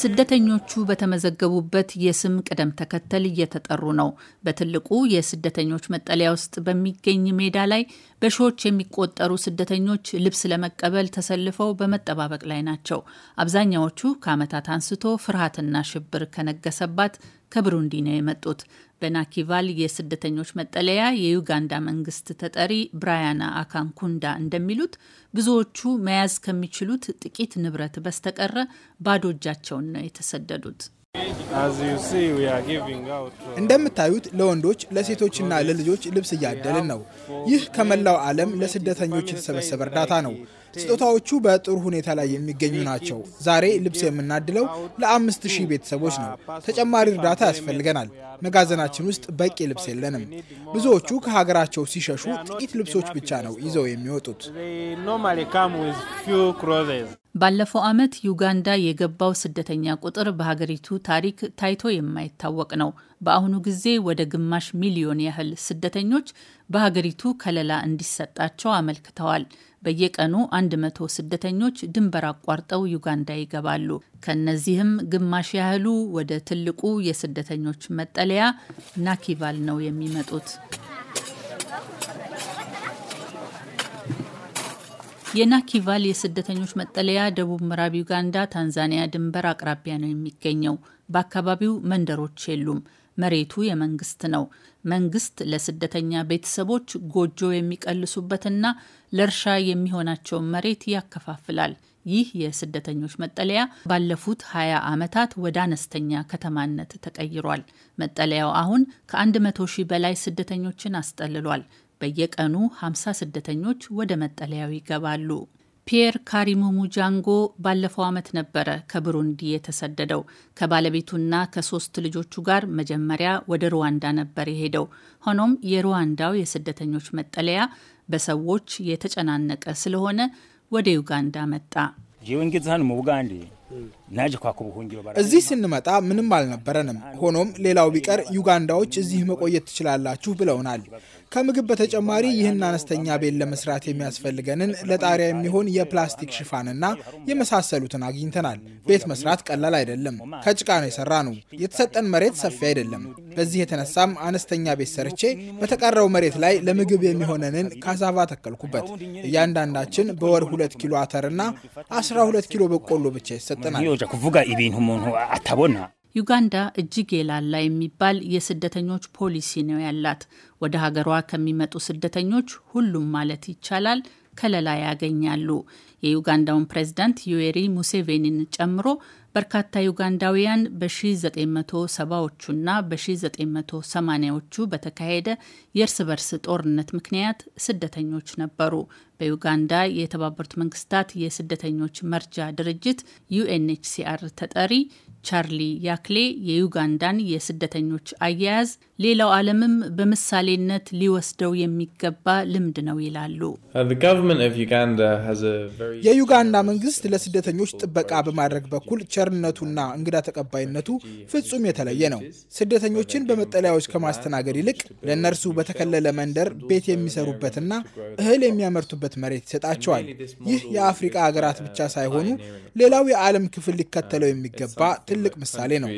ስደተኞቹ በተመዘገቡበት የስም ቅደም ተከተል እየተጠሩ ነው። በትልቁ የስደተኞች መጠለያ ውስጥ በሚገኝ ሜዳ ላይ በሺዎች የሚቆጠሩ ስደተኞች ልብስ ለመቀበል ተሰልፈው በመጠባበቅ ላይ ናቸው። አብዛኛዎቹ ከዓመታት አንስቶ ፍርሃትና ሽብር ከነገሰባት ከብሩንዲ ነው የመጡት። በናኪቫል የስደተኞች መጠለያ የዩጋንዳ መንግስት ተጠሪ ብራያና አካንኩንዳ እንደሚሉት ብዙዎቹ መያዝ ከሚችሉት ጥቂት ንብረት በስተቀረ ባዶ እጃቸውን ነው የተሰደዱት። Uh, እንደምታዩት ለወንዶች ለሴቶችና ለልጆች ልብስ እያደልን ነው። ይህ ከመላው ዓለም ለስደተኞች የተሰበሰበ እርዳታ ነው። ስጦታዎቹ በጥሩ ሁኔታ ላይ የሚገኙ ናቸው። ዛሬ ልብስ የምናድለው ለአምስት ሺህ ቤተሰቦች ነው። ah, ተጨማሪ እርዳታ ያስፈልገናል። መጋዘናችን ውስጥ በቂ ልብስ የለንም። ብዙዎቹ ከሀገራቸው ሲሸሹ ጥቂት ልብሶች ብቻ ነው ይዘው የሚወጡት። ባለፈው ዓመት ዩጋንዳ የገባው ስደተኛ ቁጥር በሀገሪቱ ታሪክ ታይቶ የማይታወቅ ነው። በአሁኑ ጊዜ ወደ ግማሽ ሚሊዮን ያህል ስደተኞች በሀገሪቱ ከለላ እንዲሰጣቸው አመልክተዋል። በየቀኑ 100 ስደተኞች ድንበር አቋርጠው ዩጋንዳ ይገባሉ። ከነዚህም ግማሽ ያህሉ ወደ ትልቁ የስደተኞች መጠለያ ናኪቫል ነው የሚመጡት። የናኪቫል የስደተኞች መጠለያ ደቡብ ምዕራብ ዩጋንዳ ታንዛኒያ ድንበር አቅራቢያ ነው የሚገኘው። በአካባቢው መንደሮች የሉም። መሬቱ የመንግስት ነው። መንግስት ለስደተኛ ቤተሰቦች ጎጆ የሚቀልሱበትና ለእርሻ የሚሆናቸውን መሬት ያከፋፍላል። ይህ የስደተኞች መጠለያ ባለፉት 20 ዓመታት ወደ አነስተኛ ከተማነት ተቀይሯል። መጠለያው አሁን ከ100 ሺህ በላይ ስደተኞችን አስጠልሏል። በየቀኑ 50 ስደተኞች ወደ መጠለያው ይገባሉ። ፒየር ካሪሙሙ ሙጃንጎ ባለፈው ዓመት ነበረ ከብሩንዲ የተሰደደው ከባለቤቱና ከሶስት ልጆቹ ጋር መጀመሪያ ወደ ሩዋንዳ ነበር የሄደው። ሆኖም የሩዋንዳው የስደተኞች መጠለያ በሰዎች የተጨናነቀ ስለሆነ ወደ ዩጋንዳ መጣ። እዚህ ስንመጣ ምንም አልነበረንም። ሆኖም ሌላው ቢቀር ዩጋንዳዎች እዚህ መቆየት ትችላላችሁ ብለውናል። ከምግብ በተጨማሪ ይህን አነስተኛ ቤት ለመስራት የሚያስፈልገንን ለጣሪያ የሚሆን የፕላስቲክ ሽፋንና የመሳሰሉትን አግኝተናል። ቤት መስራት ቀላል አይደለም። ከጭቃ ነው የሰራ ነው። የተሰጠን መሬት ሰፊ አይደለም። በዚህ የተነሳም አነስተኛ ቤት ሰርቼ በተቀረው መሬት ላይ ለምግብ የሚሆነንን ካሳቫ ተከልኩበት። እያንዳንዳችን በወር ሁለት ኪሎ አተርና 12 ኪሎ በቆሎ ብቻ ይሰጠናል። kujya kuvuga ibintu umuntu atabona ዩጋንዳ እጅግ የላላ የሚባል የስደተኞች ፖሊሲ ነው ያላት። ወደ ሀገሯ ከሚመጡ ስደተኞች ሁሉም ማለት ይቻላል ከለላ ያገኛሉ። የዩጋንዳውን ፕሬዝዳንት ዩዌሪ ሙሴቬኒን ጨምሮ በርካታ ዩጋንዳውያን በ1970ዎቹና በ1980ዎቹ በተካሄደ የእርስ በርስ ጦርነት ምክንያት ስደተኞች ነበሩ። በዩጋንዳ የተባበሩት መንግስታት የስደተኞች መርጃ ድርጅት ዩኤንኤችሲአር ተጠሪ ቻርሊ ያክሌ የዩጋንዳን የስደተኞች አያያዝ ሌላው ዓለምም በምሳሌነት ሊወስደው የሚገባ ልምድ ነው ይላሉ። uh, የዩጋንዳ መንግስት ለስደተኞች ጥበቃ በማድረግ በኩል ቸርነቱና እንግዳ ተቀባይነቱ ፍጹም የተለየ ነው። ስደተኞችን በመጠለያዎች ከማስተናገድ ይልቅ ለእነርሱ በተከለለ መንደር ቤት የሚሰሩበትና እህል የሚያመርቱበት መሬት ይሰጣቸዋል። ይህ የአፍሪቃ ሀገራት ብቻ ሳይሆኑ ሌላው የዓለም ክፍል ሊከተለው የሚገባ ትልቅ ምሳሌ ነው።